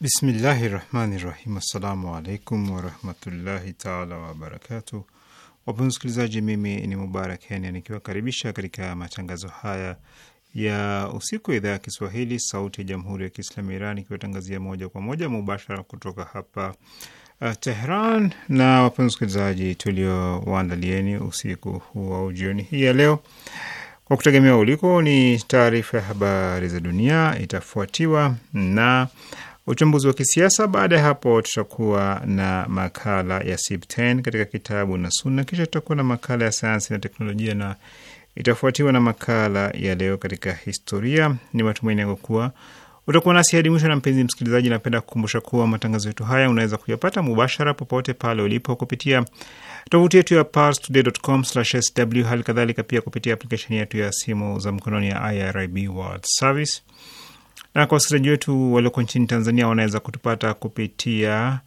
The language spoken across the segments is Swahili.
Bismillahi rahmani rahim. Assalamu alaikum warahmatullahi taala wabarakatu. Wapenzi msikilizaji, mimi ni Mubarak Heni nikiwakaribisha katika matangazo haya ya usiku ya idhaa ya Kiswahili sauti ya jamhuri ya Kiislamu ya Iran ikiwatangazia moja kwa moja mubashara kutoka hapa uh, Tehran. Na wapenzi msikilizaji, tuliowaandalieni usiku huu au jioni hii ya leo kwa kutegemea uliko ni taarifa ya habari za dunia, itafuatiwa na uchambuzi wa kisiasa. Baada ya hapo, tutakuwa na makala ya Sibten katika kitabu na Sunna, kisha tutakuwa na makala ya sayansi na teknolojia na itafuatiwa na makala ya leo katika historia. Ni matumaini yangu kuwa utakuwa nasi hadi mwisho. Na mpenzi msikilizaji, napenda kukumbusha kuwa matangazo yetu haya unaweza kuyapata mubashara popote pale ulipo kupitia tovuti yetu ya parstoday.com/sw, hali kadhalika pia kupitia aplikesheni yetu ya simu za mkononi ya IRIB World Service na kwa wasikilizaji wetu walioko nchini Tanzania wanaweza kutupata kupitia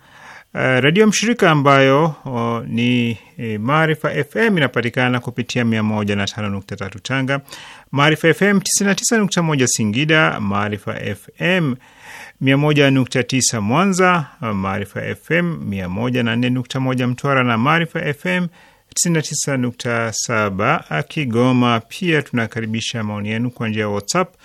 uh, redio mshirika ambayo uh, ni eh, Maarifa FM inapatikana kupitia 105.3 Tanga, Maarifa FM 99.1 Singida, Maarifa FM 101.9 Mwanza, Maarifa FM 104.1 Mtwara na Maarifa FM 99.7 Kigoma. Pia tunakaribisha maoni yenu kwa njia ya WhatsApp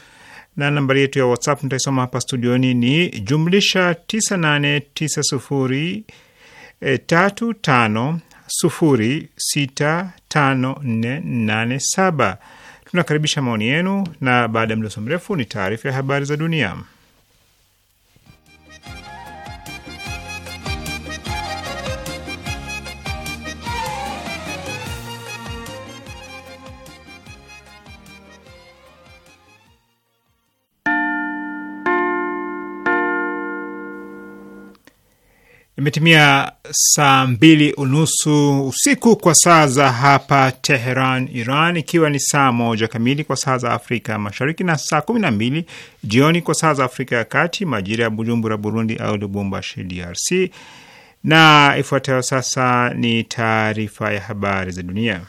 na nambari yetu ya WhatsApp nitaisoma hapa studioni ni jumlisha 9890 eh, Tunakaribisha maoni yenu, na baada ya mdoso mrefu ni taarifa ya habari za dunia. Imetimia saa mbili unusu usiku kwa saa za hapa Teheran, Iran, ikiwa ni saa moja kamili kwa saa za Afrika Mashariki na saa kumi na mbili jioni kwa saa za Afrika ya Kati, majira ya Bujumbura, Burundi, au Lubumbashi, DRC. Na ifuatayo sasa ni taarifa ya habari za dunia.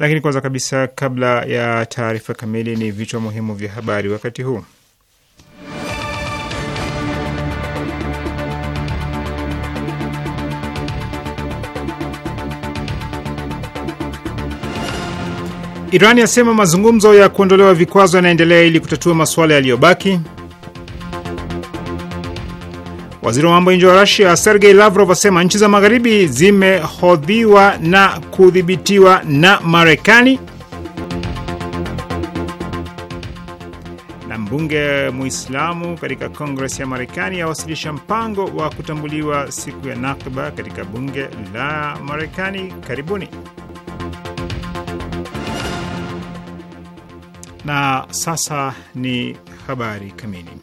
Lakini kwanza kabisa, kabla ya taarifa kamili, ni vichwa muhimu vya habari wakati huu. Iran yasema mazungumzo ya kuondolewa vikwazo yanaendelea ili kutatua masuala yaliyobaki. Waziri wa mambo ya nje wa Rusia Sergei Lavrov asema nchi za magharibi zimehodhiwa na kudhibitiwa na Marekani. Na mbunge Muislamu katika Kongres ya Marekani awasilisha mpango wa kutambuliwa siku ya Nakba katika bunge la Marekani. Karibuni. Na sasa ni habari kamili.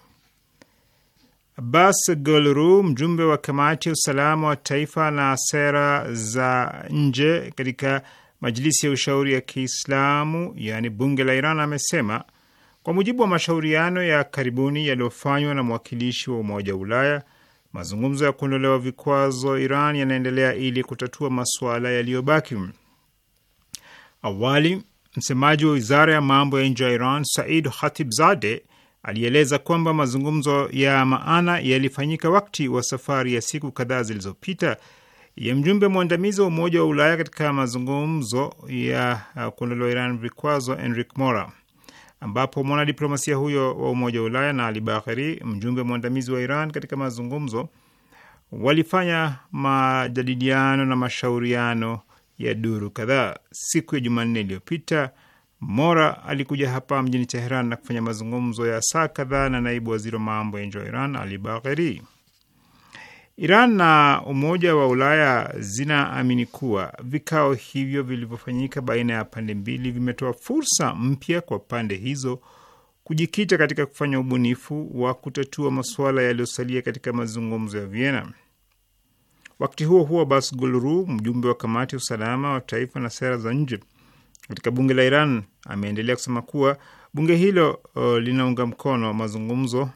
Bas Golru, mjumbe wa kamati ya usalama wa taifa na sera za nje katika majilisi ya ushauri ya Kiislamu, yaani bunge la Iran, amesema kwa mujibu wa mashauriano ya karibuni yaliyofanywa na mwakilishi wa Umoja wa Ulaya, mazungumzo ya kuondolewa vikwazo Iran yanaendelea ili kutatua masuala yaliyobaki. Awali, msemaji wa wizara ya mambo ya nje ya Iran Said Khatibzadeh alieleza kwamba mazungumzo ya maana yalifanyika wakati wa safari ya siku kadhaa zilizopita ya mjumbe mwandamizi wa Umoja wa Ulaya katika mazungumzo ya uh, kuondolewa Iran vikwazo Enric Mora, ambapo mwanadiplomasia huyo wa Umoja wa Ulaya na Ali Bagheri, mjumbe mwandamizi wa Iran katika mazungumzo, walifanya majadiliano na mashauriano ya duru kadhaa siku ya Jumanne iliyopita. Mora alikuja hapa mjini Teheran na kufanya mazungumzo ya saa kadhaa na naibu waziri wa mambo ya nje wa Iran Ali Bagheri. Iran na Umoja wa Ulaya zinaamini kuwa vikao hivyo vilivyofanyika baina ya pande mbili vimetoa fursa mpya kwa pande hizo kujikita katika kufanya ubunifu wa kutatua masuala yaliyosalia katika mazungumzo ya Vienna. Wakati huo huo, Bas Gulru, mjumbe wa kamati ya usalama wa taifa na sera za nje katika bunge la Iran ameendelea kusema kuwa bunge hilo uh, linaunga mkono mazungumzo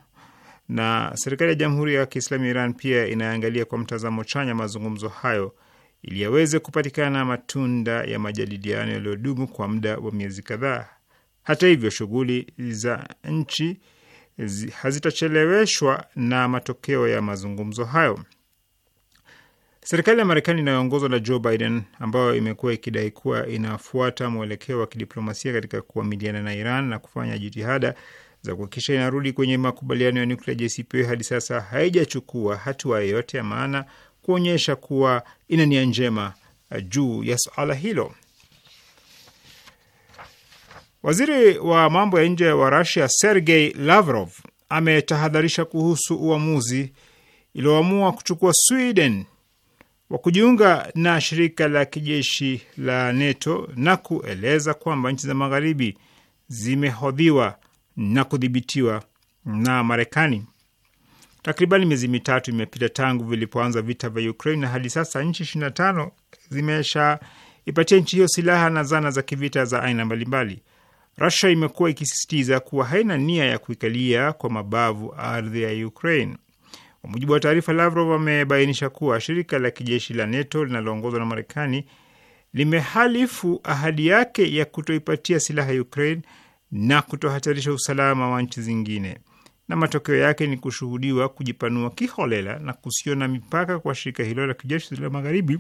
na serikali ya Jamhuri ya Kiislamu ya Iran pia inaangalia kwa mtazamo chanya mazungumzo hayo ili yaweze kupatikana matunda ya majadiliano yaliyodumu kwa muda wa miezi kadhaa. Hata hivyo, shughuli za nchi hazitacheleweshwa na matokeo ya mazungumzo hayo. Serikali ya Marekani inayoongozwa na Joe Biden, ambayo imekuwa ikidai kuwa inafuata mwelekeo wa kidiplomasia katika kuamiliana na Iran na kufanya jitihada za kuhakikisha inarudi kwenye makubaliano ya nuklia JCPOA, hadi sasa haijachukua hatua yoyote ya maana kuonyesha kuwa ina nia njema uh, juu ya suala hilo. Waziri wa mambo ya nje wa Rusia Sergei Lavrov ametahadharisha kuhusu uamuzi ilioamua kuchukua Sweden wa kujiunga na shirika la kijeshi la NATO na kueleza kwamba nchi za magharibi zimehodhiwa na kudhibitiwa na Marekani. Takribani miezi mitatu imepita tangu vilipoanza vita vya Ukraine na hadi sasa nchi 25 zimeshaipatia nchi hiyo silaha na zana za kivita za aina mbalimbali. Russia imekuwa ikisisitiza kuwa haina nia ya kuikalia kwa mabavu ardhi ya Ukraine. Kwa mujibu wa taarifa, Lavrov amebainisha kuwa shirika la kijeshi la NATO linaloongozwa na Marekani limehalifu ahadi yake ya kutoipatia silaha Ukraine na kutohatarisha usalama wa nchi zingine, na matokeo yake ni kushuhudiwa kujipanua kiholela na kusio na mipaka kwa shirika hilo la kijeshi la magharibi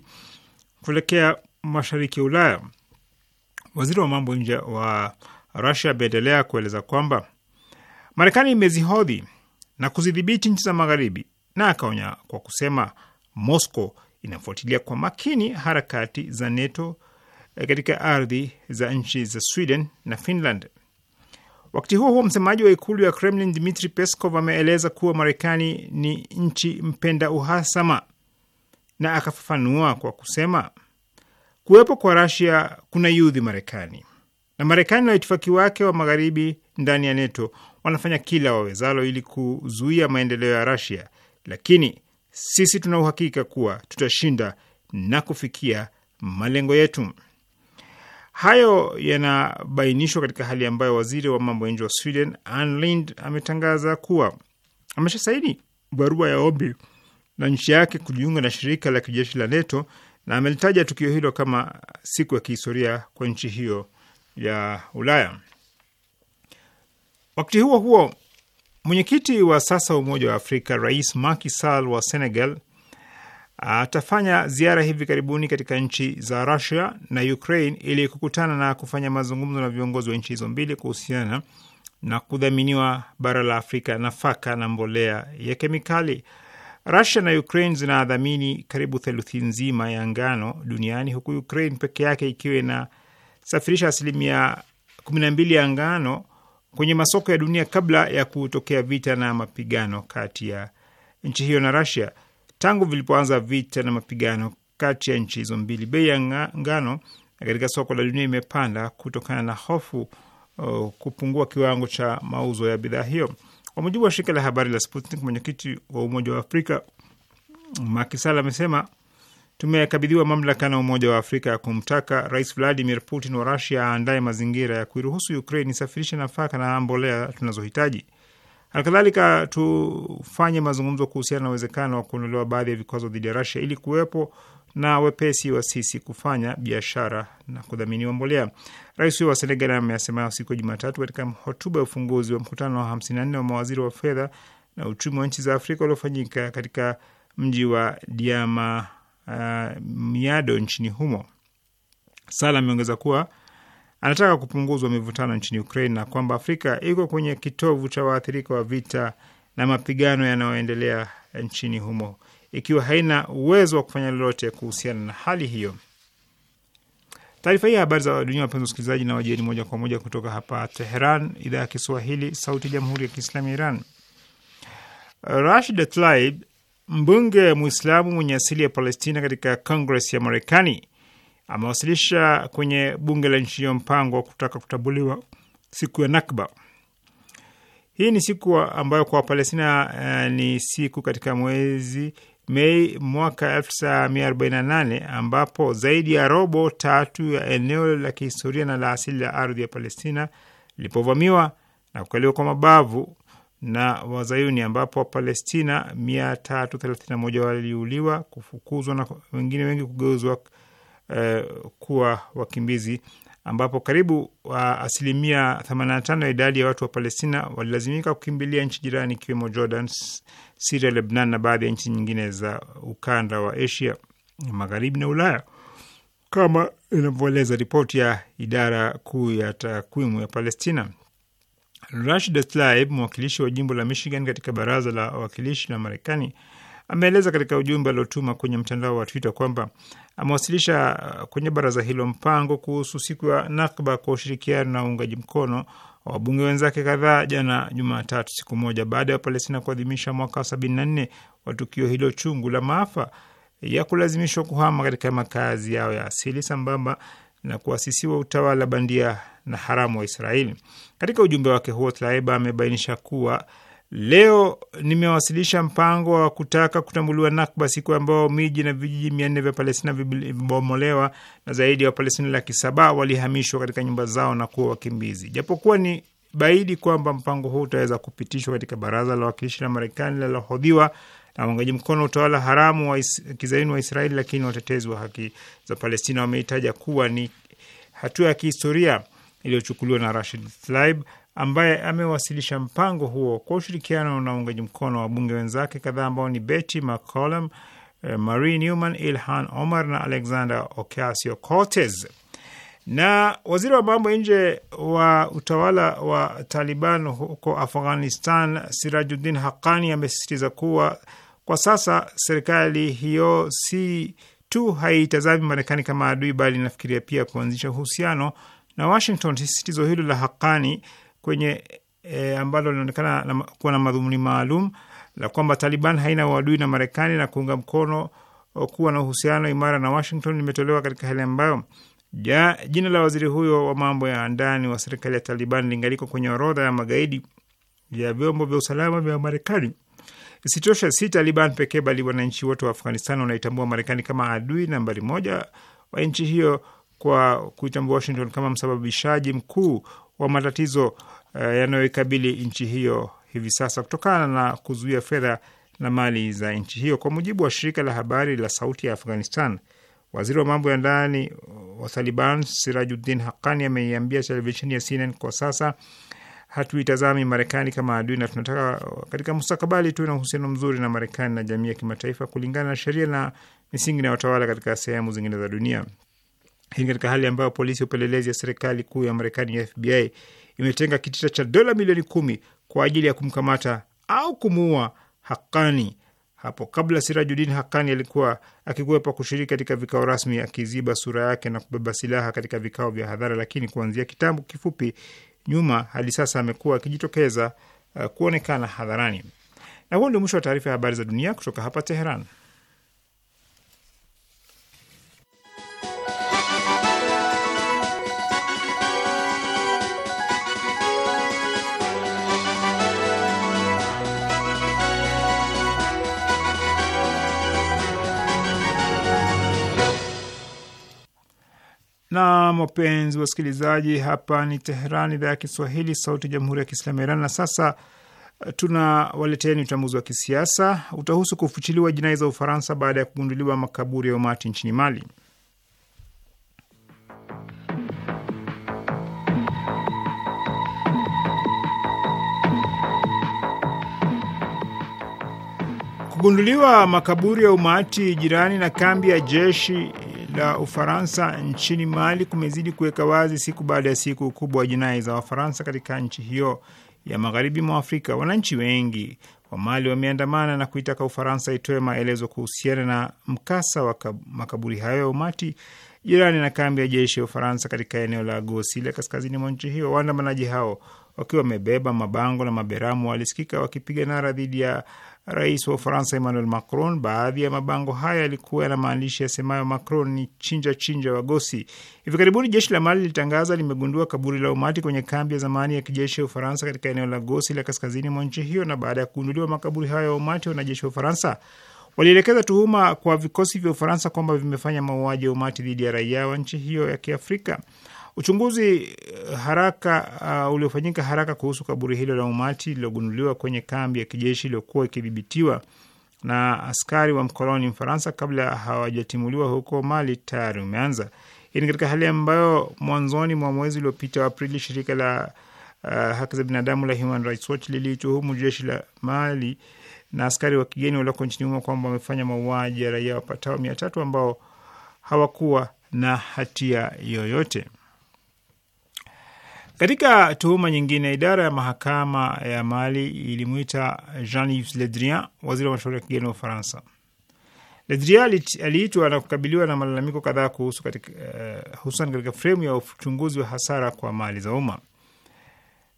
kuelekea mashariki ya Ulaya. Waziri wa mambo nje wa Rusia ameendelea kueleza kwamba Marekani imezihodhi na kuzidhibiti nchi za Magharibi, na akaonya kwa kusema Moscow inafuatilia kwa makini harakati za NATO eh, katika ardhi za nchi za Sweden na Finland. Wakati huo huo, msemaji wa ikulu ya Kremlin Dmitri Peskov ameeleza kuwa Marekani ni nchi mpenda uhasama na akafafanua kwa kusema kuwepo kwa Rasia kuna yudhi Marekani na Marekani na waitifaki wake wa magharibi ndani ya NATO wanafanya kila wawezalo ili kuzuia maendeleo ya Rasia, lakini sisi tuna uhakika kuwa tutashinda na kufikia malengo yetu. Hayo yanabainishwa katika hali ambayo waziri wa mambo ya nje wa Sweden Ann ametangaza kuwa ameshasaini barua ya ombi na nchi yake kujiunga na shirika la kijeshi la NATO na amelitaja tukio hilo kama siku ya kihistoria kwa nchi hiyo ya Ulaya. Wakati huo huo, mwenyekiti wa sasa wa Umoja wa Afrika Rais Macky Sall wa Senegal atafanya ziara hivi karibuni katika nchi za Russia na Ukraine ili kukutana na kufanya mazungumzo na viongozi wa nchi hizo mbili kuhusiana na kudhaminiwa bara la Afrika nafaka na mbolea ya kemikali. Russia na Ukraine zinadhamini karibu theluthi nzima ya ngano duniani huku Ukraine peke yake ikiwa inasafirisha asilimia kumi na mbili ya ngano kwenye masoko ya dunia kabla ya kutokea vita na mapigano kati ya nchi hiyo na Russia. Tangu vilipoanza vita na mapigano kati ya nchi hizo mbili, bei ya ngano katika soko la dunia imepanda kutokana na hofu uh, kupungua kiwango cha mauzo ya bidhaa hiyo. Kwa mujibu wa shirika la habari la Sputnik, mwenyekiti wa Umoja wa Afrika Makisala amesema tumekabidhiwa mamlaka na Umoja wa Afrika ya kumtaka Rais Vladimir Putin wa Rusia aandaye mazingira ya kuiruhusu Ukraine isafirishe nafaka na mbolea tunazohitaji. Halikadhalika, tufanye mazungumzo kuhusiana na uwezekano wa kuondolewa baadhi ya vikwazo dhidi ya Rusia ili kuwepo na wepesi wa sisi kufanya biashara na kudhaminiwa mbolea. Rais huyo wa Senegal ameyasema hayo siku ya Jumatatu katika hotuba ya ufunguzi wa mkutano wa 54 wa mawaziri wa fedha na uchumi wa nchi za Afrika uliofanyika katika mji wa Diama uh, miado nchini humo. Sala ameongeza kuwa anataka kupunguzwa mivutano nchini Ukraine na kwamba Afrika iko kwenye kitovu cha waathirika wa vita na mapigano yanayoendelea nchini humo, ikiwa haina uwezo wa kufanya lolote kuhusiana na hali hiyo. Taarifa hii ya habari za dunia, wapenzi wasikilizaji, na wajieni moja kwa moja kutoka hapa Teheran, idhaa ya Kiswahili, sauti ya jamhuri ya kiislamu ya Iran. Rashid Tlaib mbunge Mwislamu mwenye asili ya Palestina katika kongres ya Marekani amewasilisha kwenye bunge la nchi hiyo mpango wa kutaka kutambuliwa siku ya Nakba. Hii ni siku ambayo kwa Wapalestina uh, eh, ni siku katika mwezi Mei mwaka 1948 ambapo zaidi ya robo tatu ya eneo la kihistoria na la asili la ardhi ya Palestina lilipovamiwa na kukaliwa kwa mabavu na Wazayuni, ambapo Wapalestina 331 waliuliwa, kufukuzwa na wengine wengi kugeuzwa uh, kuwa wakimbizi, ambapo karibu ah, asilimia 85 ya idadi ya watu wa Palestina walilazimika kukimbilia nchi jirani ikiwemo Jordan, Siria, Lebnan na baadhi ya nchi nyingine za ukanda wa Asia Magharibi na Ulaya kama inavyoeleza ripoti ya idara kuu ya takwimu ya Palestina. Rashid Tlaib, mwakilishi wa jimbo la Michigan katika baraza la wawakilishi la Marekani, ameeleza katika ujumbe aliotuma kwenye mtandao wa Twitter kwamba amewasilisha uh, kwenye baraza hilo mpango kuhusu siku ya Nakba kwa ushirikiano na uungaji mkono wa wabunge wenzake kadhaa jana Jumatatu, siku moja baada ya Palestina kuadhimisha mwaka wa 74 wa tukio hilo chungu la maafa ya kulazimishwa kuhama katika makazi yao ya asili sambamba na kuasisiwa utawala bandia na haramu wa Israeli. Katika ujumbe wake huo, Tlaeba amebainisha kuwa leo nimewasilisha mpango wa kutaka kutambuliwa Nakba, siku ambao miji na vijiji mia nne vya Palestina vilibomolewa na zaidi ya Wapalestina laki saba walihamishwa katika nyumba zao na kuwa wakimbizi. Japokuwa ni baidi kwamba mpango huu utaweza kupitishwa katika baraza la wakilishi la Marekani linalohodhiwa na uungaji mkono utawala haramu wa kizaini wa Israeli, lakini watetezi wa haki za Palestina wameitaja kuwa ni hatua ya kihistoria iliyochukuliwa na Rashid Tlaib ambaye amewasilisha mpango huo kwa ushirikiano na uungaji mkono wa bunge wenzake kadhaa ambao ni Betty McCollum, eh, Marie Newman, Ilhan Omar na Alexander Ocasio Cortez. Na waziri wa mambo ya nje wa utawala wa Taliban huko Afghanistan, Sirajuddin Haqqani, amesisitiza kuwa kwa sasa serikali hiyo si tu haitazami Marekani kama adui, bali inafikiria pia kuanzisha uhusiano na Washington. Sisitizo hilo la Haqqani kwenye e, ambalo linaonekana kuwa na madhumuni maalum la kwamba Taliban haina uadui na Marekani na kuunga mkono kuwa na uhusiano imara na Washington limetolewa katika hali ambayo ja, jina la waziri huyo wa mambo ya ndani wa serikali ya Taliban lingaliko kwenye orodha ya magaidi ya vyombo vya usalama vya Marekani. Isitoshe, si Taliban pekee bali wananchi wote wa Afghanistan wanaitambua Marekani kama adui nambari moja wa nchi hiyo kwa kuitambua Washington kama msababishaji mkuu wa matatizo uh, yanayoikabili nchi hiyo hivi sasa kutokana na kuzuia fedha na mali za nchi hiyo. Kwa mujibu wa shirika la habari la Sauti ya Afghanistan, Waziri wa mambo ya ndani wa Taliban Sirajuddin Haqqani ameiambia televisheni ya CNN, kwa sasa hatuitazami Marekani kama adui na tunataka katika mustakabali tuwe na uhusiano mzuri na Marekani na jamii ya kimataifa kulingana na sheria na misingi na katika sehemu zingine za dunia. Hii katika hali ambayo polisi ya upelelezi ya serikali kuu ya Marekani ya FBI imetenga kitita cha dola milioni kumi kwa ajili ya kumkamata au kumuua Haqqani hapo kabla. Sirajudin Hakani alikuwa akikwepa kushiriki katika vikao rasmi, akiziba sura yake na kubeba silaha katika vikao vya hadhara, lakini kuanzia kitambo kifupi nyuma hadi sasa amekuwa akijitokeza uh, kuonekana hadharani. Na huo ndio mwisho wa taarifa ya habari za dunia kutoka hapa Teheran. na wapenzi wasikilizaji, hapa ni Teheran, idhaa ya Kiswahili, sauti ya jamhuri ya kiislamu ya Iran. Na sasa eh, tunawaleteni uchambuzi wa kisiasa utahusu kufuchiliwa jinai za Ufaransa baada ya kugunduliwa makaburi ya umati nchini Mali. Kugunduliwa makaburi ya umati jirani na kambi ya jeshi la Ufaransa nchini Mali kumezidi kuweka wazi siku baada ya siku ukubwa wa jinai za Wafaransa katika nchi hiyo ya magharibi mwa Afrika. Wananchi wengi wa Mali wameandamana na kuitaka Ufaransa itoe maelezo kuhusiana na mkasa wa makaburi hayo ya umati jirani na kambi ya jeshi ya Ufaransa katika eneo la Gosile kaskazini mwa nchi hiyo. Waandamanaji hao wakiwa wamebeba mabango na maberamu walisikika wakipiga nara dhidi ya rais wa Ufaransa Emmanuel Macron. Baadhi ya mabango haya yalikuwa yana maandishi yasemayo Macron ni chinja chinja wagosi. Hivi karibuni jeshi la Mali lilitangaza limegundua kaburi la umati kwenye kambi ya zamani ya kijeshi ya Ufaransa katika eneo la Gosi la kaskazini mwa nchi hiyo, na baada ya kugunduliwa makaburi hayo ya umati, wanajeshi wa Ufaransa walielekeza tuhuma kwa vikosi vya Ufaransa kwamba vimefanya mauaji ya umati dhidi ya raia wa nchi hiyo ya Kiafrika. Uchunguzi eh, haraka uh, uliofanyika haraka kuhusu kaburi hilo la umati lililogunduliwa kwenye kambi ya kijeshi iliyokuwa ikidhibitiwa na askari wa mkoloni Mfaransa kabla hawajatimuliwa huko Mali tayari umeanza. Hii ni katika hali ambayo mwanzoni mwa mwezi uliopita wa Aprili shirika la uh, haki za binadamu la Human Rights Watch lilituhumu jeshi la Mali na askari wa kigeni walioko nchini humo kwamba wamefanya mauaji ya raia wapatao mia tatu ambao hawakuwa na hatia yoyote. Katika tuhuma nyingine, idara ya mahakama ya Mali ilimwita Jean-Yves Le Drian, waziri wa mashauri ya kigeni wa Ufaransa. Le Drian aliitwa na kukabiliwa na malalamiko kadhaa kuhusu katika, uh, hususan katika fremu ya uchunguzi wa hasara kwa mali za umma.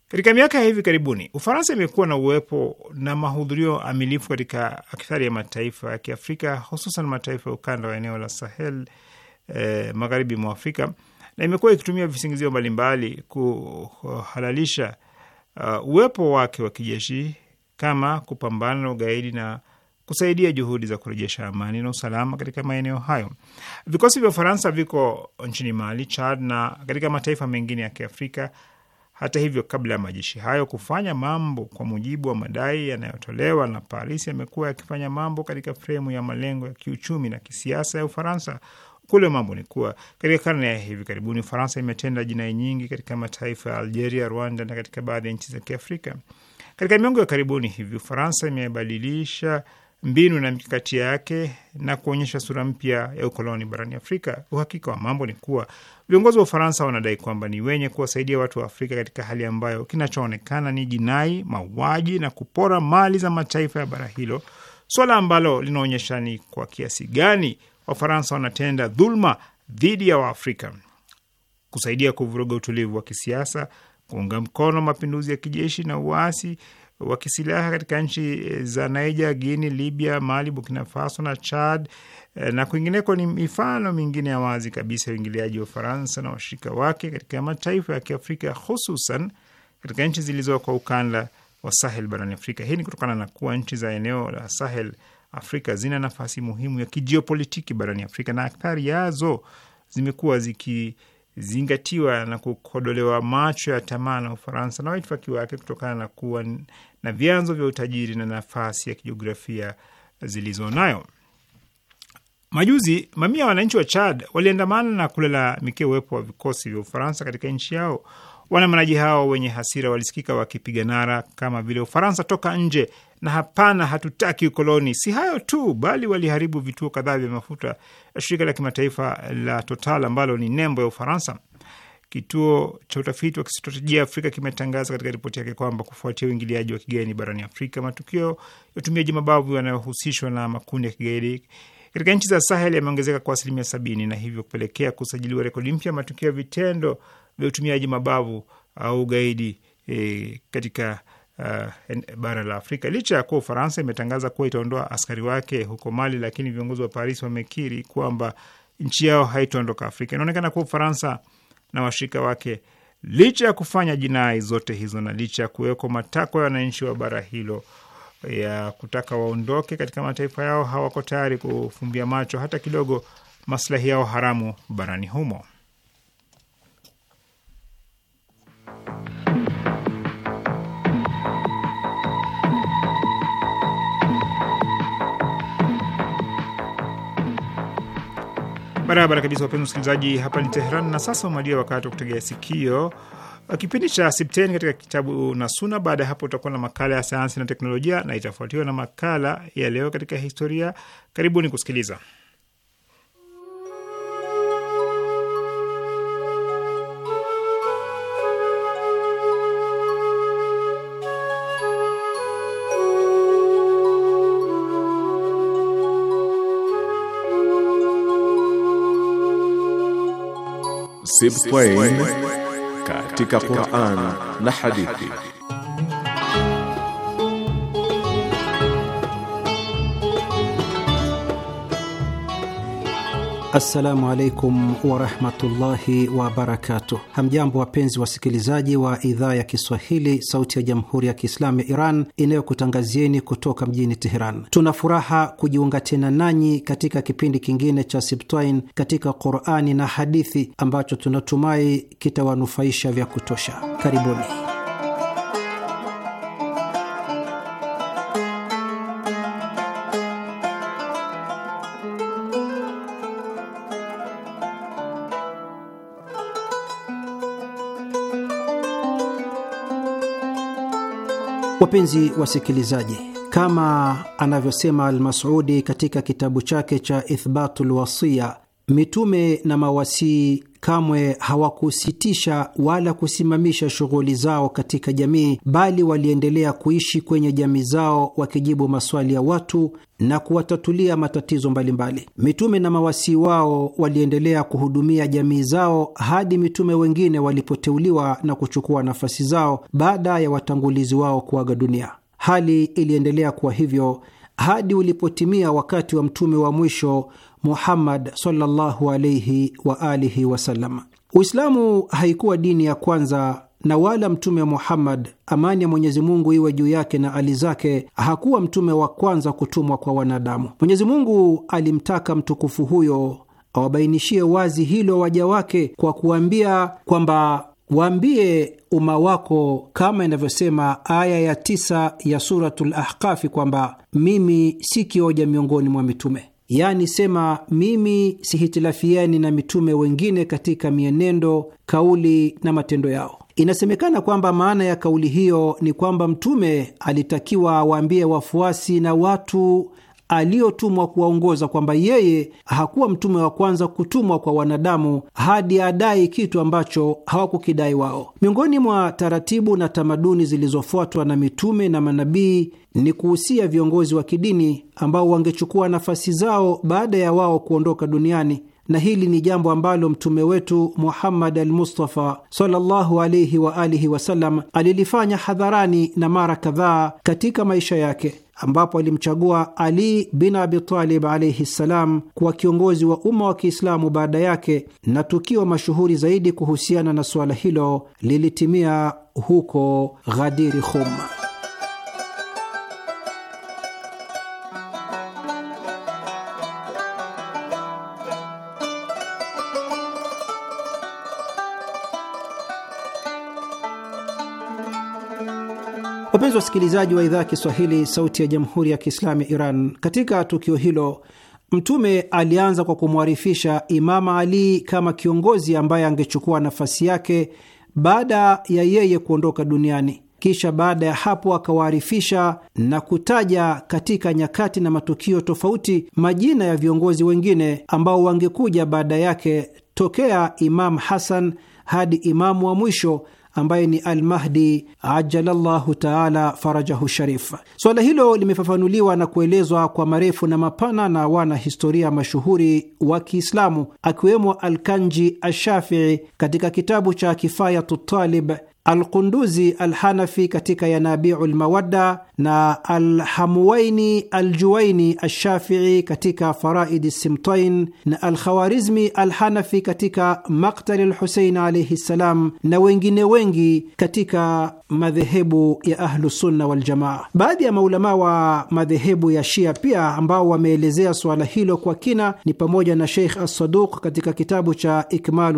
Katika miaka ya hivi karibuni, Ufaransa imekuwa na uwepo na mahudhurio amilifu katika akthari ya mataifa ya Kiafrika, hususan mataifa ya ukanda wa eneo la Sahel, eh, magharibi mwa Afrika na imekuwa ikitumia visingizio mbalimbali kuhalalisha uh, uwepo wake wa kijeshi kama kupambana na ugaidi na kusaidia juhudi za kurejesha amani na usalama katika maeneo hayo. Vikosi vya Ufaransa viko nchini Mali, Chad na katika mataifa mengine ya Kiafrika. Hata hivyo, kabla ya majeshi hayo kufanya mambo kwa mujibu wa madai yanayotolewa na Paris, yamekuwa yakifanya mambo katika fremu ya malengo ya kiuchumi na kisiasa ya Ufaransa. Ukweli wa mambo ni kuwa katika karne ya hivi karibuni Ufaransa imetenda jinai nyingi katika mataifa ya Algeria, Rwanda na katika baadhi ya nchi za Kiafrika. Katika miongo ya karibuni hivi Ufaransa imebadilisha mbinu na mikakati yake na kuonyesha sura mpya ya ukoloni barani Afrika. Uhakika wa mambo ni kuwa viongozi wa Ufaransa wanadai kwamba ni wenye kuwasaidia watu wa Afrika katika hali ambayo kinachoonekana ni jinai, mauaji na kupora mali za mataifa ya bara hilo, swala ambalo linaonyesha ni kwa kiasi gani Wafaransa wanatenda dhulma dhidi ya Waafrika, kusaidia kuvuruga utulivu wa kisiasa, kuunga mkono mapinduzi ya kijeshi na uasi wa kisilaha katika nchi za Niger, Guini, Libya, Mali, Burkina Faso na Chad eh, na kwingineko ni mifano mingine ya wazi kabisa ya uingiliaji wa Ufaransa na washirika wake katika mataifa ya Kiafrika, hususan katika nchi zilizoko ukanda wa Sahel barani Afrika. Hii ni kutokana na kuwa nchi za eneo la Sahel Afrika zina nafasi muhimu ya kijiopolitiki barani Afrika na akthari yazo zimekuwa zikizingatiwa na kukodolewa macho ya tamaa na Ufaransa na waitifaki wake kutokana na kuwa na vyanzo vya utajiri na nafasi ya kijiografia zilizonayo. Majuzi mamia ya wananchi wa Chad waliandamana na kulalamikia uwepo wa vikosi vya Ufaransa katika nchi yao. Waandamanaji hao wenye hasira walisikika wakipiga nara kama vile Ufaransa toka nje na hapana, hatutaki ukoloni. Si hayo tu, bali waliharibu vituo kadhaa vya mafuta. ya Shirika la kimataifa la Total ambalo ni nembo ya Ufaransa, kituo cha utafiti wa kistratejia Afrika kimetangaza katika ripoti yake kwamba kufuatia uingiliaji wa kigeni barani Afrika, matukio ya utumiaji mabavu yanayohusishwa na makundi ya kigaidi katika nchi za Sahel yameongezeka kwa asilimia sabini na hivyo kupelekea kusajiliwa rekodi mpya matukio ya vitendo vya utumiaji mabavu au ugaidi e, katika uh, bara la Afrika. Licha ya kuwa Ufaransa imetangaza kuwa itaondoa askari wake huko Mali, lakini viongozi wa Paris wamekiri kwamba nchi yao haitaondoka Afrika. Inaonekana kuwa Ufaransa na washirika wake, licha ya kufanya jinai zote hizo na licha ya kuwekwa matakwa ya wananchi wa bara hilo ya kutaka waondoke katika mataifa yao, hawako tayari kufumbia macho hata kidogo maslahi yao haramu barani humo. Barabara kabisa, wapenzi msikilizaji, hapa ni Teheran na sasa umalia wakati wa kutegea sikio eh, kipindi cha Sipten katika kitabu na Suna. Baada ya hapo, utakuwa na makala ya sayansi na teknolojia na itafuatiwa na makala ya leo katika historia. Karibuni kusikiliza. sibtayn katika Qur'an na hadithi Assalamu alaikum warahmatullahi wabarakatuh. Hamjambo wapenzi wasikilizaji wa idhaa ya Kiswahili sauti ya jamhuri ya Kiislamu ya Iran inayokutangazieni kutoka mjini Teheran. Tuna furaha kujiunga tena nanyi katika kipindi kingine cha Sibtain katika Qurani na hadithi ambacho tunatumai kitawanufaisha vya kutosha. Karibuni. Wapenzi wasikilizaji, kama anavyosema Almasudi katika kitabu chake cha Ithbatul Wasiya, mitume na mawasii kamwe hawakusitisha wala kusimamisha shughuli zao katika jamii, bali waliendelea kuishi kwenye jamii zao wakijibu maswali ya watu na kuwatatulia matatizo mbalimbali. Mitume na mawasii wao waliendelea kuhudumia jamii zao hadi mitume wengine walipoteuliwa na kuchukua nafasi zao baada ya watangulizi wao kuaga dunia. Hali iliendelea kuwa hivyo hadi ulipotimia wakati wa mtume wa mwisho Muhammad sallallahu alaihi wa alihi wasallam. Uislamu haikuwa dini ya kwanza na wala Mtume Muhammad, amani ya Mwenyezi Mungu iwe juu yake na ali zake, hakuwa mtume wa kwanza kutumwa kwa wanadamu. Mwenyezi Mungu alimtaka mtukufu huyo awabainishie wazi hilo waja wake kwa kuambia kwamba waambie umma wako kama inavyosema aya ya tisa ya Suratul Ahkafi kwamba mimi si kioja miongoni mwa mitume, yaani sema mimi sihitilafiani na mitume wengine katika mienendo, kauli na matendo yao. Inasemekana kwamba maana ya kauli hiyo ni kwamba Mtume alitakiwa awaambie wafuasi na watu aliyotumwa kuwaongoza kwamba yeye hakuwa mtume wa kwanza kutumwa kwa wanadamu hadi adai kitu ambacho hawakukidai wao. Miongoni mwa taratibu na tamaduni zilizofuatwa na mitume na manabii ni kuhusia viongozi wa kidini ambao wangechukua nafasi zao baada ya wao kuondoka duniani na hili ni jambo ambalo mtume wetu Muhammad al-Mustafa sallallahu alayhi wa alihi wasallam alilifanya hadharani na mara kadhaa katika maisha yake, ambapo alimchagua Ali bin Abitalib alaihi ssalam kuwa kiongozi wa umma wa Kiislamu baada yake, na tukio mashuhuri zaidi kuhusiana na suala hilo lilitimia huko ghadiri Khum. Wapenzi wasikilizaji wa idhaa ya Kiswahili, Sauti ya Jamhuri ya Kiislamu ya Iran, katika tukio hilo Mtume alianza kwa kumwarifisha Imama Ali kama kiongozi ambaye angechukua nafasi yake baada ya yeye kuondoka duniani. Kisha baada ya hapo akawaarifisha na kutaja katika nyakati na matukio tofauti majina ya viongozi wengine ambao wangekuja baada yake tokea imamu Hasan hadi imamu wa mwisho ambaye ni Almahdi ajalallahu taala farajahu sharif. Suala hilo limefafanuliwa na kuelezwa kwa marefu na mapana na wana historia mashuhuri wa Kiislamu akiwemo Alkanji Ashafii katika kitabu cha Kifayatu Talib Alqunduzi Alhanafi katika Yanabiu Lmawadda na Alhamuwaini Aljuwaini Alshafii katika Faraidi Simtain na Alkhawarizmi Alhanafi katika Maktali Lhusein alaihi ssalam na wengine wengi katika madhehebu ya Ahlusunna Waljamaa. Baadhi ya maulamaa wa madhehebu ya Shia pia ambao wameelezea suala hilo kwa kina ni pamoja na Sheikh Assaduq katika kitabu cha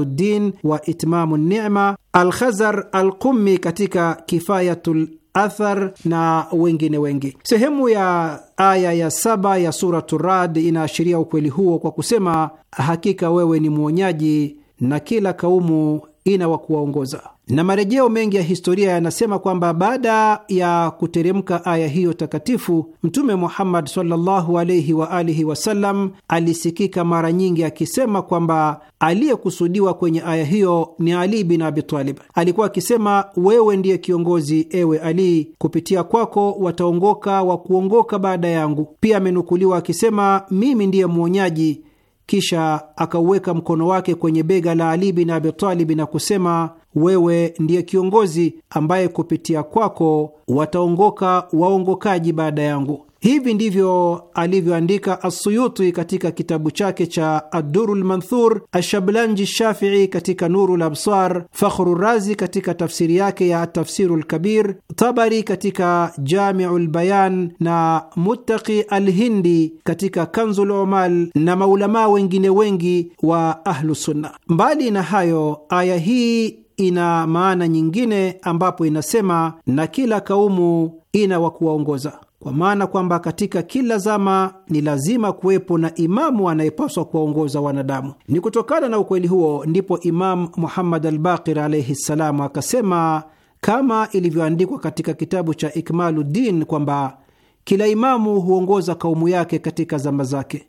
ddin wa Itmamu nima Alkhazar alqumi katika Kifayatul Athar na wengine wengi. Sehemu ya aya ya saba ya Suratu Rad inaashiria ukweli huo kwa kusema, hakika wewe ni mwonyaji na kila kaumu ina wa kuwaongoza. Na marejeo mengi ya historia yanasema kwamba baada ya kuteremka aya hiyo takatifu, Mtume Muhammad sallallahu alaihi wa alihi wasallam alisikika mara nyingi akisema kwamba aliyekusudiwa kwenye aya hiyo ni Ali bin Abi Talib. Alikuwa akisema, wewe ndiye kiongozi, ewe Ali, kupitia kwako wataongoka wa kuongoka baada yangu. Pia amenukuliwa akisema, mimi ndiye mwonyaji kisha akauweka mkono wake kwenye bega la Ali bin Abi Talib na kusema, wewe ndiye kiongozi ambaye kupitia kwako wataongoka waongokaji baada yangu. Hivi ndivyo alivyoandika Asuyuti katika kitabu chake cha Addurul Manthur, Ashablanji Shafii katika Nuru labsar, Fakhru Razi katika tafsiri yake ya Tafsiru Lkabir, Tabari katika Jamiu Lbayan na Muttaqi Alhindi katika Kanzul Omal na maulamaa wengine wengi wa Ahlusunna. Mbali na hayo, aya hii ina maana nyingine ambapo inasema, na kila kaumu ina wa kuwaongoza kwa maana kwamba katika kila zama ni lazima kuwepo na imamu anayepaswa kuwaongoza wanadamu. Ni kutokana na ukweli huo ndipo Imamu Muhammad Albaqir alaihi ssalamu akasema kama ilivyoandikwa katika kitabu cha Ikmaluddin kwamba kila imamu huongoza kaumu yake katika zama zake.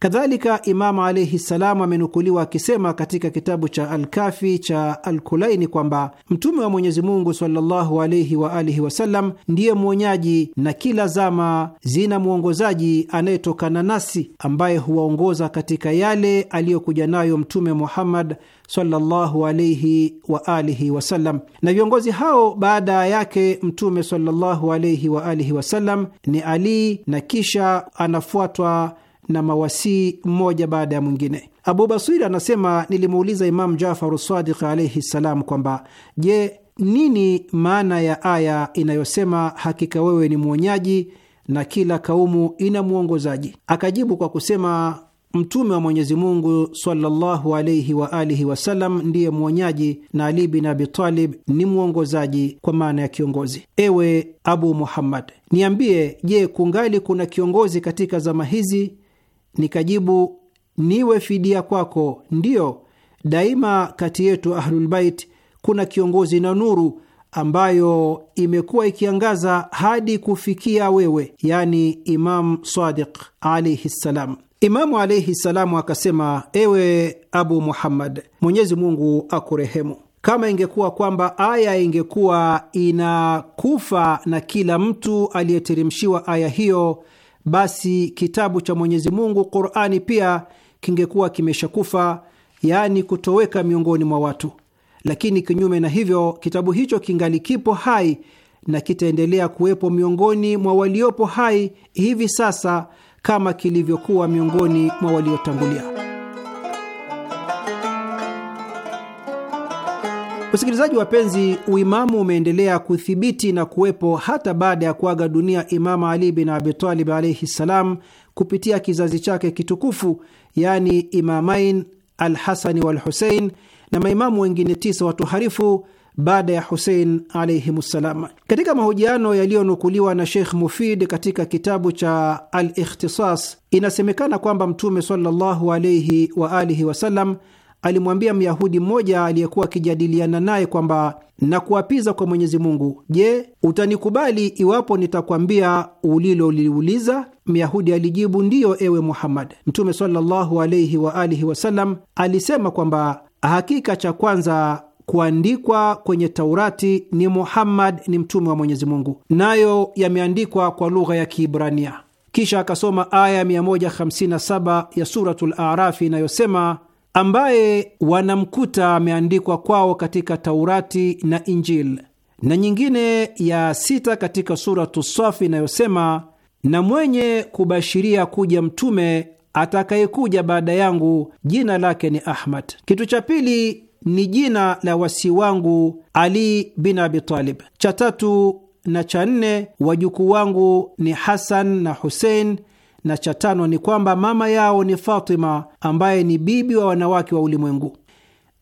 Kadhalika, Imamu alaihi ssalam amenukuliwa akisema katika kitabu cha Alkafi cha Alkulaini kwamba Mtume wa Mwenyezi Mungu sallallahu alaihi wasallam ndiye mwonyaji na kila zama zina mwongozaji anayetokana nasi, ambaye huwaongoza katika yale aliyokuja nayo Mtume Muhammad sallallahu alaihi wasallam. Na viongozi hao baada yake Mtume sallallahu alaihi wasallam ni Ali na kisha anafuatwa na mawasii mmoja baada ya mwingine. Abu Baswiri anasema nilimuuliza Imamu Jafaru Sadiq alaihi ssalam kwamba je, nini maana ya aya inayosema hakika wewe ni mwonyaji na kila kaumu ina mwongozaji? Akajibu kwa kusema Mtume wa Mwenyezi Mungu sallallahu alaihi wa alihi wasallam ndiye mwonyaji na Ali bin Abi Talib ni mwongozaji kwa maana ya kiongozi. Ewe Abu Muhammad, niambie, je, kungali kuna kiongozi katika zama hizi Nikajibu, niwe fidia kwako. Ndiyo, daima kati yetu Ahlulbait kuna kiongozi na nuru ambayo imekuwa ikiangaza hadi kufikia wewe, yani Imamu Sadiq alaihi ssalam. Imamu alaihi ssalamu akasema, ewe Abu Muhammad, Mwenyezi Mungu akurehemu. Kama ingekuwa kwamba aya ingekuwa inakufa na kila mtu aliyeteremshiwa aya hiyo basi kitabu cha Mwenyezi Mungu Qur'ani pia kingekuwa kimeshakufa, yaani kutoweka miongoni mwa watu. Lakini kinyume na hivyo, kitabu hicho kingali kipo hai na kitaendelea kuwepo miongoni mwa waliopo hai hivi sasa kama kilivyokuwa miongoni mwa waliotangulia. Wasikilizaji wapenzi, uimamu umeendelea kuthibiti na kuwepo hata baada ya kuaga dunia imamu Ali bin Abitalib alaihi ssalam, kupitia kizazi chake kitukufu, yaani Imamain Alhasani Walhusein na maimamu wengine tisa watoharifu baada ya Husein alaihim ssalam. Katika mahojiano yaliyonukuliwa na Sheikh Mufid katika kitabu cha Al Ikhtisas, inasemekana kwamba Mtume sallallahu alaihi waalihi wasallam alimwambia Myahudi mmoja aliyekuwa akijadiliana naye kwamba na kuapiza kwa Mwenyezi Mungu, je, utanikubali iwapo nitakwambia uliloliuliza? Myahudi alijibu, ndiyo, ewe Muhammad. Mtume sallallahu alayhi wa alihi wasallam alisema kwamba hakika cha kwanza kuandikwa kwenye Taurati ni Muhammad ni mtume wa Mwenyezi Mungu, nayo yameandikwa kwa lugha ya Kiibrania. Kisha akasoma aya 157 ya Suratul Arafi inayosema ambaye wanamkuta ameandikwa kwao katika Taurati na Injili, na nyingine ya sita katika Suratu safi inayosema, na mwenye kubashiria kuja mtume atakayekuja baada yangu, jina lake ni Ahmad. Kitu cha pili ni jina la wasi wangu Ali bin Abi Talib. Cha tatu na cha nne wajukuu wangu ni Hasan na Husein na cha tano ni kwamba mama yao ni Fatima ambaye ni bibi wa wanawake wa ulimwengu.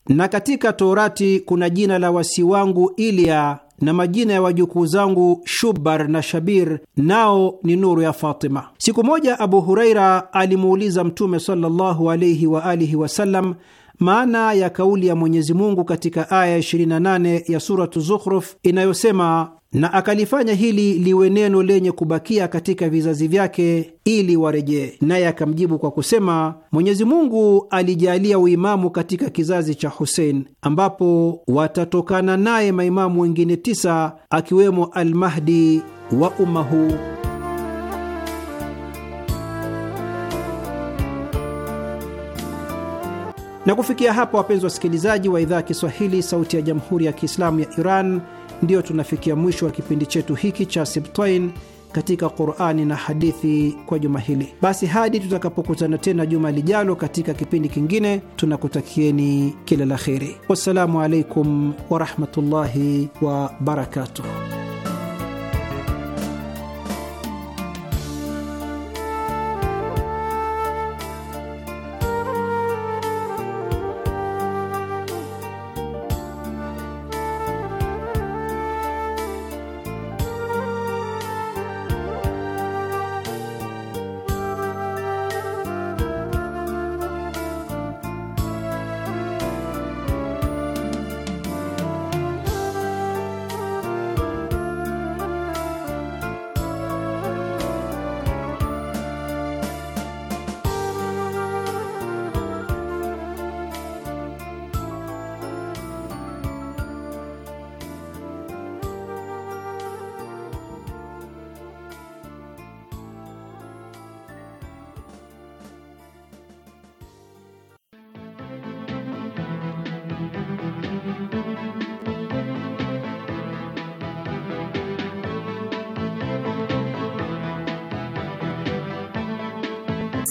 Na katika Torati kuna jina la wasi wangu Ilya na majina ya wajukuu zangu Shubar na Shabir, nao ni nuru ya Fatima. Siku moja Abu Huraira alimuuliza Mtume sallallahu alaihi waalihi wasallam maana ya kauli ya Mwenyezi Mungu katika aya 28 ya suratu Zukhruf inayosema, na akalifanya hili liwe neno lenye kubakia katika vizazi vyake ili warejee. Naye akamjibu kwa kusema, Mwenyezi Mungu alijalia uimamu katika kizazi cha Husein, ambapo watatokana naye maimamu wengine tisa akiwemo Almahdi wa umma huu. Na kufikia hapa, wapenzi wasikilizaji wa idhaa ya Kiswahili, Sauti ya Jamhuri ya Kiislamu ya Iran, ndiyo tunafikia mwisho wa kipindi chetu hiki cha Sibtain katika Qurani na hadithi kwa juma hili. Basi hadi tutakapokutana tena juma lijalo katika kipindi kingine, tunakutakieni kila la kheri. Wassalamu alaikum warahmatullahi wabarakatuh.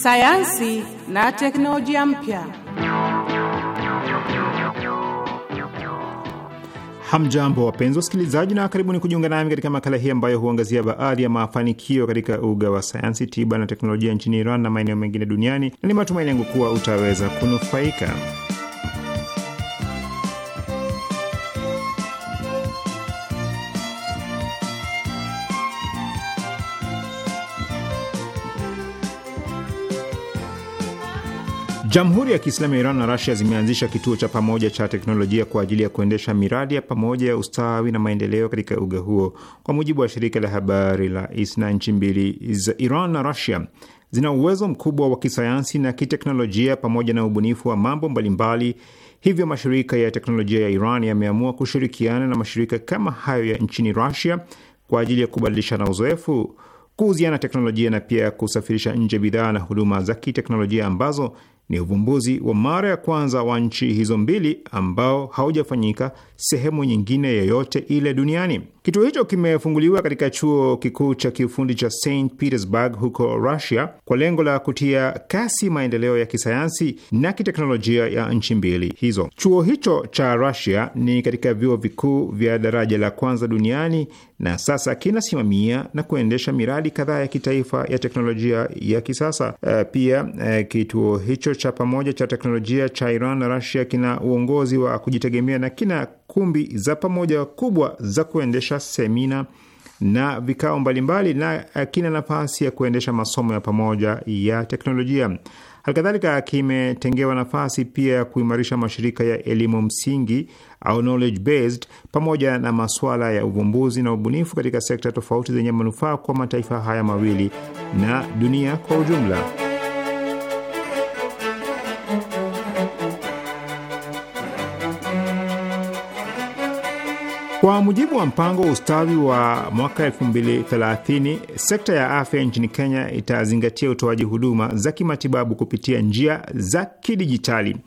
sayansi na teknolojia mpya. Hamjambo, wapenzi wasikilizaji, na karibuni kujiunga nami katika makala hii ambayo huangazia baadhi ya mafanikio katika uga wa sayansi, tiba na teknolojia nchini Iran na maeneo mengine duniani, na ni matumaini yangu kuwa utaweza kunufaika. Jamhuri ya Kiislamu ya Iran na Rasia zimeanzisha kituo cha pamoja cha teknolojia kwa ajili ya kuendesha miradi ya pamoja ya ustawi na maendeleo katika uga huo. Kwa mujibu wa shirika la habari la ISNA, nchi mbili za Iran na Rasia zina uwezo mkubwa wa kisayansi na kiteknolojia pamoja na ubunifu wa mambo mbalimbali. Hivyo mashirika ya teknolojia ya Iran yameamua kushirikiana na mashirika kama hayo ya nchini Rasia kwa ajili ya kubadilishana uzoefu, kuuziana teknolojia na pia kusafirisha nje bidhaa na huduma za kiteknolojia ambazo ni uvumbuzi wa mara ya kwanza wa nchi hizo mbili ambao haujafanyika sehemu nyingine yoyote ile duniani. Kituo hicho kimefunguliwa katika chuo kikuu cha kiufundi cha St Petersburg huko Russia kwa lengo la kutia kasi maendeleo ya kisayansi na kiteknolojia ya nchi mbili hizo. Chuo hicho cha Russia ni katika vyuo vikuu vya daraja la kwanza duniani na sasa kinasimamia na kuendesha miradi kadhaa ya kitaifa ya teknolojia ya kisasa. Eh, pia eh, kituo hicho cha pamoja cha teknolojia cha Iran na Russia kina uongozi wa kujitegemea na kina kumbi za pamoja kubwa za kuendesha semina na vikao mbalimbali na kina nafasi ya kuendesha masomo ya pamoja ya teknolojia. Halikadhalika, kimetengewa nafasi pia ya kuimarisha mashirika ya elimu msingi au knowledge based, pamoja na masuala ya uvumbuzi na ubunifu katika sekta tofauti zenye manufaa kwa mataifa haya mawili na dunia kwa ujumla. Kwa mujibu wa mpango wa ustawi wa mwaka 2030 sekta ya afya nchini Kenya itazingatia utoaji huduma za kimatibabu kupitia njia za kidijitali.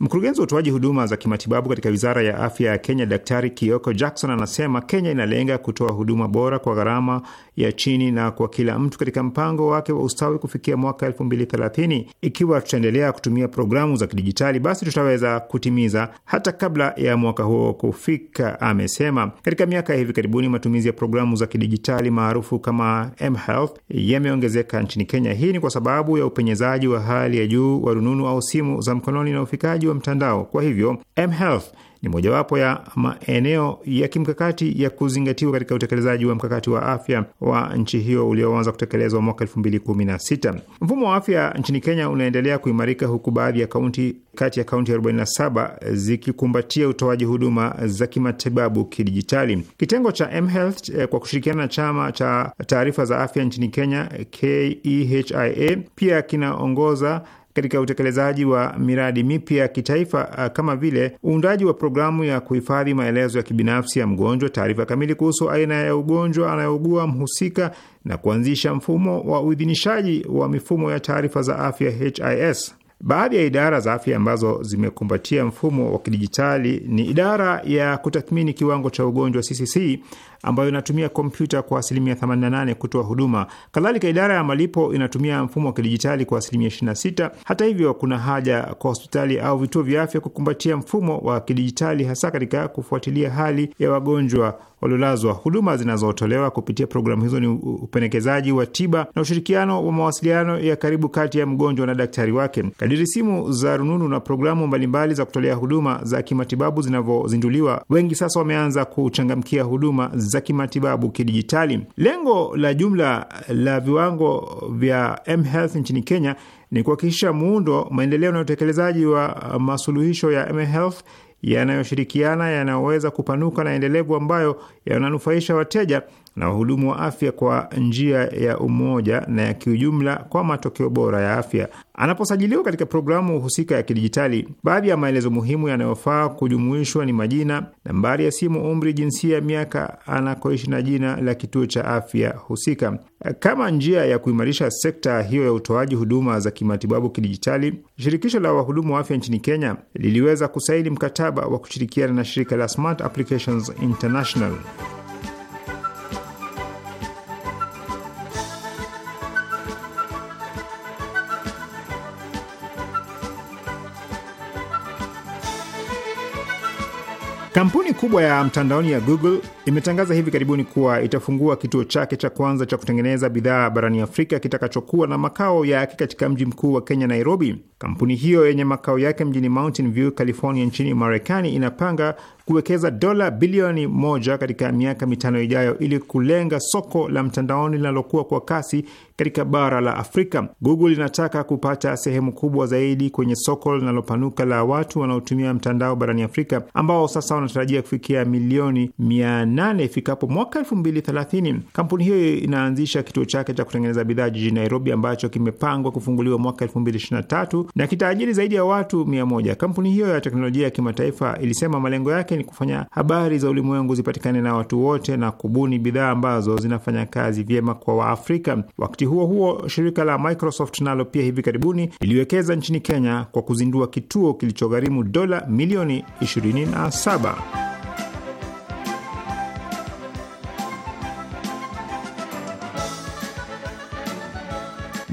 Mkurugenzi wa utoaji huduma za kimatibabu katika wizara ya afya ya Kenya, Daktari Kioko Jackson, anasema Kenya inalenga kutoa huduma bora kwa gharama ya chini na kwa kila mtu katika mpango wake wa ustawi kufikia mwaka 2030. Ikiwa tutaendelea kutumia programu za kidijitali, basi tutaweza kutimiza hata kabla ya mwaka huo kufika, amesema. Katika miaka ya hivi karibuni, matumizi ya programu za kidijitali maarufu kama mHealth yameongezeka nchini Kenya. Hii ni kwa sababu ya upenyezaji wa hali ya juu wa rununu au simu za mkononi na ufikaji upatikanaji wa mtandao. Kwa hivyo mHealth ni mojawapo ya maeneo ya kimkakati ya kuzingatiwa katika utekelezaji wa mkakati wa afya wa nchi hiyo ulioanza kutekelezwa mwaka elfu mbili kumi na sita. Mfumo wa afya nchini Kenya unaendelea kuimarika huku baadhi ya kaunti kati ya kaunti 47 zikikumbatia utoaji huduma za kimatibabu kidijitali. Kitengo cha mHealth eh, kwa kushirikiana na chama cha taarifa za afya nchini Kenya KEHIA pia kinaongoza katika utekelezaji wa miradi mipya ya kitaifa uh, kama vile uundaji wa programu ya kuhifadhi maelezo ya kibinafsi ya mgonjwa, taarifa kamili kuhusu aina ya ugonjwa anayougua mhusika, na kuanzisha mfumo wa uidhinishaji wa mifumo ya taarifa za afya HIS. Baadhi ya idara za afya ambazo zimekumbatia mfumo wa kidijitali ni idara ya kutathmini kiwango cha ugonjwa CCC ambayo inatumia kompyuta kwa asilimia 88 kutoa huduma. Kadhalika, idara ya malipo inatumia mfumo wa kidijitali kwa asilimia 26. Hata hivyo, kuna haja kwa hospitali au vituo vya afya kukumbatia mfumo wa kidijitali, hasa katika kufuatilia hali ya wagonjwa waliolazwa. Huduma zinazotolewa kupitia programu hizo ni upendekezaji wa tiba na ushirikiano wa mawasiliano ya karibu kati ya mgonjwa na daktari wake. Kadiri simu za rununu na programu mbalimbali za kutolea huduma za kimatibabu zinavyozinduliwa, wengi sasa wameanza kuchangamkia huduma za kimatibabu kidijitali. Lengo la jumla la viwango vya mHealth nchini Kenya ni kuhakikisha muundo, maendeleo na utekelezaji wa masuluhisho ya mHealth yanayoshirikiana, yanayoweza kupanuka na endelevu, ambayo yananufaisha wateja na wahudumu wa afya kwa njia ya umoja na ya kiujumla kwa matokeo bora ya afya. Anaposajiliwa katika programu husika ya kidijitali, baadhi ya maelezo muhimu yanayofaa kujumuishwa ni majina, nambari ya simu, umri, jinsia, miaka anakoishi na jina la kituo cha afya husika. Kama njia ya kuimarisha sekta hiyo ya utoaji huduma za kimatibabu kidijitali, shirikisho la wahudumu wa afya nchini Kenya liliweza kusaini mkataba wa kushirikiana na shirika la Smart Applications International. Kampuni kubwa ya mtandaoni ya Google imetangaza hivi karibuni kuwa itafungua kituo chake cha kwanza cha kutengeneza bidhaa barani Afrika kitakachokuwa na makao yake katika mji mkuu wa Kenya, Nairobi. Kampuni hiyo yenye makao yake mjini Mountain View, California, nchini Marekani inapanga kuwekeza dola bilioni moja katika miaka mitano ijayo ili kulenga soko la mtandaoni linalokuwa kwa kasi katika bara la Afrika. Google inataka kupata sehemu kubwa zaidi kwenye soko linalopanuka la watu wanaotumia mtandao barani Afrika, ambao sasa wanatarajia kufikia milioni mia nane ifikapo mwaka elfu mbili thelathini. Kampuni hiyo inaanzisha kituo chake cha kutengeneza bidhaa jijini Nairobi ambacho kimepangwa kufunguliwa mwaka elfu mbili na tatu na kitaajiri zaidi ya watu mia moja. Kampuni hiyo ya teknolojia ya kimataifa ilisema malengo yake yake ni kufanya habari za ulimwengu zipatikane na watu wote na kubuni bidhaa ambazo zinafanya kazi vyema kwa Waafrika. Wakati huo huo, shirika la Microsoft nalo pia hivi karibuni liliwekeza nchini Kenya kwa kuzindua kituo kilichogharimu dola milioni 27.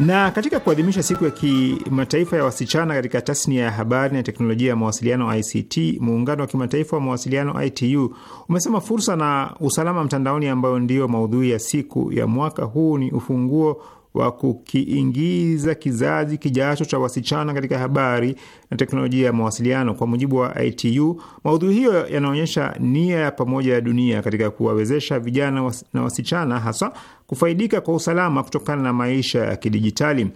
Na katika kuadhimisha siku ya kimataifa ya wasichana katika tasnia ya habari na teknolojia ya mawasiliano ICT, muungano wa kimataifa wa mawasiliano ITU umesema fursa na usalama mtandaoni, ambayo ndiyo maudhui ya siku ya mwaka huu, ni ufunguo wa kukiingiza kizazi kijacho cha wasichana katika habari na teknolojia ya mawasiliano. Kwa mujibu wa ITU, maudhui hiyo yanaonyesha nia ya pamoja ya dunia katika kuwawezesha vijana na wasichana haswa kufaidika kwa usalama kutokana na maisha ya kidijitali.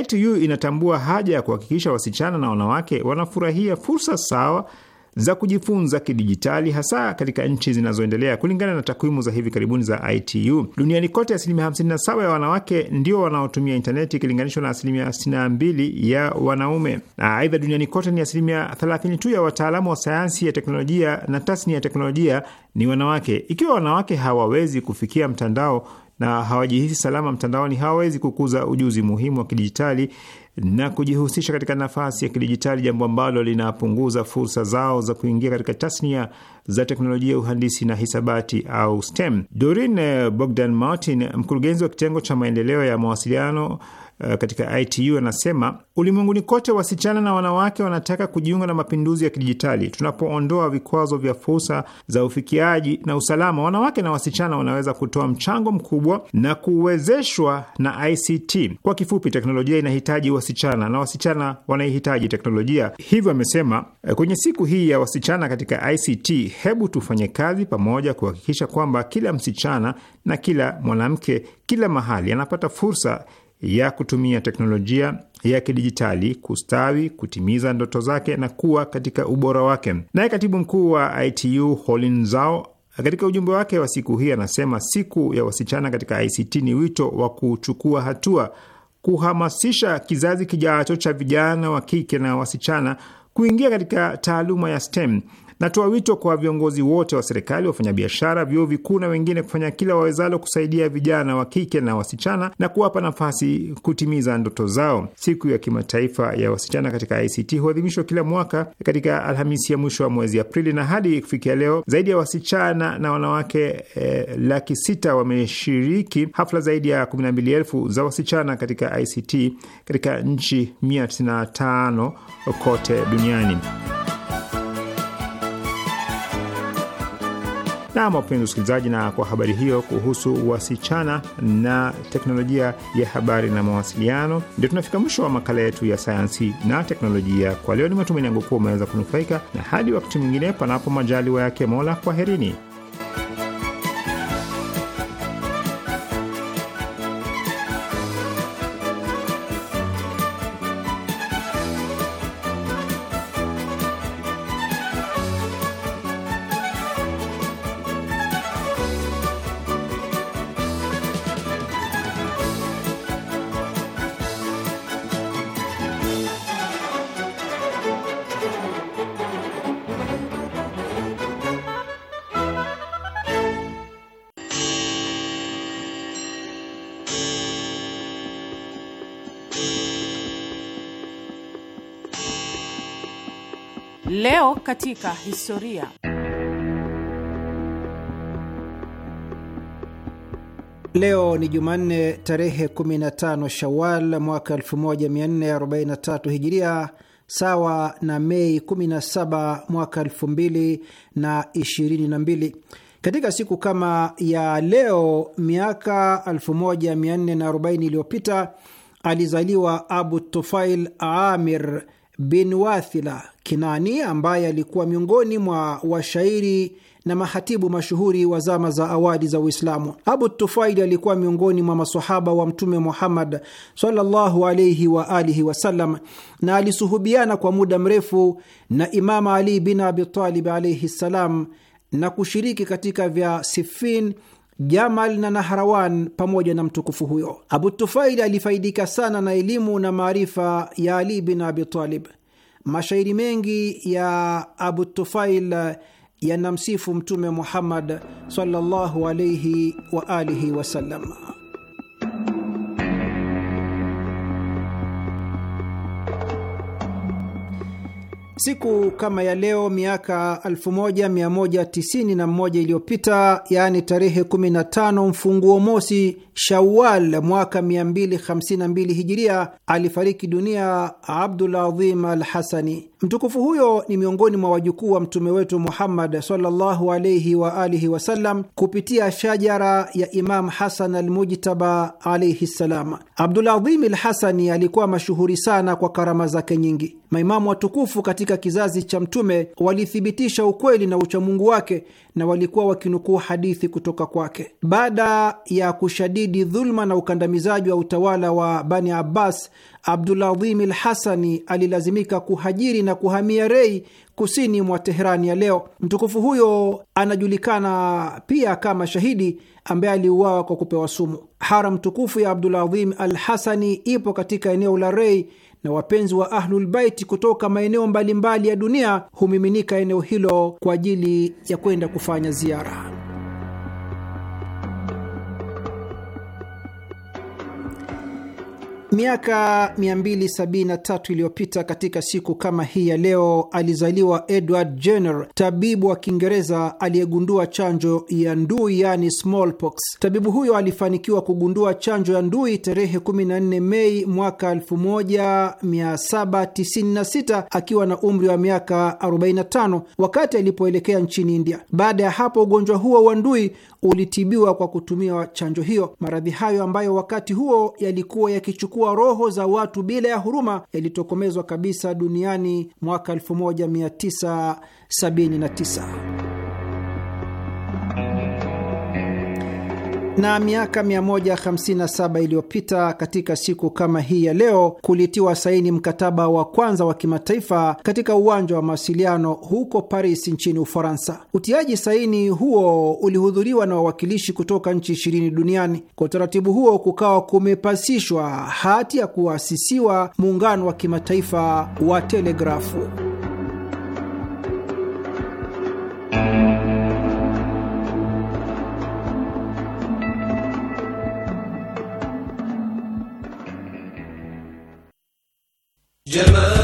ITU inatambua haja ya kuhakikisha wasichana na wanawake wanafurahia fursa sawa za kujifunza kidijitali hasa katika nchi zinazoendelea. Kulingana na takwimu za hivi karibuni za ITU, duniani kote asilimia 57 ya wanawake ndio wanaotumia intaneti ikilinganishwa na asilimia 62 ya wanaume. Aidha, duniani kote ni asilimia 30 tu ya wataalamu wa sayansi ya teknolojia na tasni ya teknolojia ni wanawake. Ikiwa wanawake hawawezi kufikia mtandao na hawajihisi salama mtandaoni, hawawezi kukuza ujuzi muhimu wa kidijitali na kujihusisha katika nafasi ya kidijitali, jambo ambalo linapunguza fursa zao za kuingia katika tasnia za teknolojia, uhandisi na hisabati au STEM. Dorin eh, Bogdan Martin, mkurugenzi wa kitengo cha maendeleo ya mawasiliano Eh, katika ITU anasema ulimwenguni kote wasichana na wanawake wanataka kujiunga na mapinduzi ya kidijitali. Tunapoondoa vikwazo vya fursa za ufikiaji na usalama, wanawake na wasichana wanaweza kutoa mchango mkubwa na kuwezeshwa na ICT. Kwa kifupi, teknolojia inahitaji wasichana na wasichana wanaihitaji teknolojia. Hivyo amesema eh, kwenye siku hii ya wasichana katika ICT, hebu tufanye kazi pamoja kuhakikisha kwamba kila msichana na kila mwanamke kila mahali anapata fursa ya kutumia teknolojia ya kidijitali kustawi, kutimiza ndoto zake na kuwa katika ubora wake. Naye katibu mkuu wa ITU Holin Zao katika ujumbe wake wa siku hii anasema siku ya wasichana katika ICT ni wito wa kuchukua hatua, kuhamasisha kizazi kijacho cha vijana wa kike na wasichana kuingia katika taaluma ya STEM Natoa wito kwa viongozi wote wa serikali, wafanyabiashara, vyuo vikuu na wengine kufanya kila wawezalo kusaidia vijana wa kike na wasichana na kuwapa nafasi kutimiza ndoto zao. Siku ya kimataifa ya wasichana katika ICT huadhimishwa kila mwaka katika Alhamisi ya mwisho wa mwezi Aprili, na hadi kufikia leo zaidi ya wasichana na wanawake eh, laki sita wameshiriki hafla zaidi ya elfu za wasichana katika ICT katika nchi 195 kote duniani. Naam, wapenzi usikilizaji na kwa habari hiyo kuhusu wasichana na teknolojia ya habari na mawasiliano, ndio tunafika mwisho wa makala yetu ya sayansi na teknolojia kwa leo. Ni matumaini yangu kuwa umeweza kunufaika, na hadi wakati mwingine, panapo majaliwa yake Mola, kwaherini. Leo katika historia. Leo ni Jumanne tarehe 15 Shawal mwaka 1443 Hijiria, sawa na Mei 17 mwaka 2022. Katika siku kama ya leo miaka 1440 iliyopita alizaliwa Abu Tufail Amir bin Wathila Kinani ambaye alikuwa miongoni mwa washairi na mahatibu mashuhuri wa zama za awali za Uislamu. Abu Tufaili alikuwa miongoni mwa masahaba wa Mtume Muhammad sallallahu alaihi wa alihi wasallam, na alisuhubiana kwa muda mrefu na Imama Ali bin Abitalib alaihi ssalam na kushiriki katika vya Sifin Jamal na Naharawan pamoja na mtukufu huyo. Abu Tufail alifaidika sana na elimu na maarifa ya Ali bin Abi Talib. Mashairi mengi ya Abu Tufail yanamsifu Mtume Muhammad sallallahu alaihi wa alihi wasallam. Siku kama ya leo miaka 1191 iliyopita, yaani tarehe 15 mfunguo mosi Shawal mwaka 252 hijiria alifariki dunia Abdulazim al Hasani. Mtukufu huyo ni miongoni mwa wajukuu wa mtume wetu Muhammad sallallahu alaihi wa alihi wasallam kupitia shajara ya Imam Hasan Almujtaba alaihi ssalam. Abdulazim al Hasani alikuwa mashuhuri sana kwa karama zake nyingi. Maimamu watukufu katika kizazi cha Mtume walithibitisha ukweli na uchamungu wake na walikuwa wakinukuu hadithi kutoka kwake. Baada ya kushadidi dhuluma na ukandamizaji wa utawala wa Bani Abbas, Abdulazim al Hasani alilazimika kuhajiri na kuhamia Rei, kusini mwa Teherani ya leo. Mtukufu huyo anajulikana pia kama shahidi ambaye aliuawa kwa kupewa sumu. Haram tukufu ya Abdulazim al Hasani ipo katika eneo la Rei na wapenzi wa Ahlulbaiti kutoka maeneo mbalimbali ya dunia humiminika eneo hilo kwa ajili ya kwenda kufanya ziara. Miaka 273 iliyopita katika siku kama hii ya leo alizaliwa Edward Jenner, tabibu wa Kiingereza aliyegundua chanjo ya ndui, yani smallpox. Tabibu huyo alifanikiwa kugundua chanjo ya ndui tarehe 14 Mei mwaka 1796 akiwa na umri wa miaka 45, wakati alipoelekea nchini India. Baada ya hapo, ugonjwa huo wa ndui ulitibiwa kwa kutumia chanjo hiyo. Maradhi hayo ambayo wakati huo yalikuwa yakichukua roho za watu bila ya huruma yalitokomezwa kabisa duniani mwaka 1979. Na miaka 157 iliyopita katika siku kama hii ya leo kulitiwa saini mkataba wa kwanza wa kimataifa katika uwanja wa mawasiliano huko Paris nchini Ufaransa. Utiaji saini huo ulihudhuriwa na wawakilishi kutoka nchi ishirini duniani. Kwa utaratibu huo, kukawa kumepasishwa hati ya kuasisiwa muungano wa kimataifa wa telegrafu. Jemma.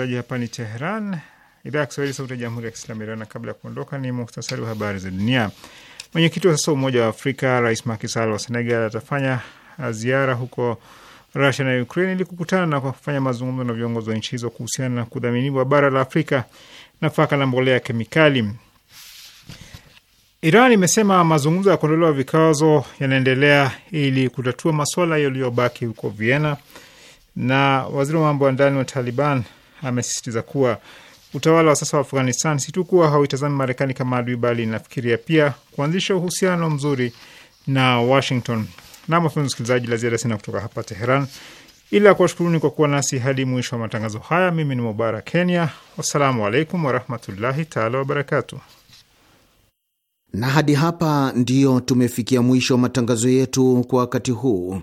msikilizaji, hapa ni Teheran, idhaa ya Kiswahili, sauti ya jamhuri ya kiislamu Iran. Na kabla ya kuondoka, ni muhtasari wa habari za dunia. Mwenyekiti wa sasa Umoja wa Afrika Rais Macky Sall wa Senegal atafanya ziara huko Rusia na Ukraine ili kukutana na kufanya mazungumzo na viongozi wa nchi hizo kuhusiana na kudhaminiwa bara la Afrika nafaka na mbolea ya kemikali. Iran imesema mazungumzo ya kuondolewa vikwazo yanaendelea ili kutatua masuala yaliyobaki huko Vienna. Na waziri wa mambo ya ndani wa Taliban amesisitiza kuwa utawala wa sasa wa Afghanistan si tu kuwa hauitazami Marekani kama adui, bali inafikiria pia kuanzisha uhusiano mzuri na Washington. Na mafunzo msikilizaji, la ziada sina kutoka hapa Teheran, ila kuwashukuruni kwa kuwa nasi hadi mwisho wa matangazo haya. Mimi ni Mubarak Kenya, wassalamu alaikum warahmatullahi taala wabarakatu. Na hadi hapa ndiyo tumefikia mwisho wa matangazo yetu kwa wakati huu.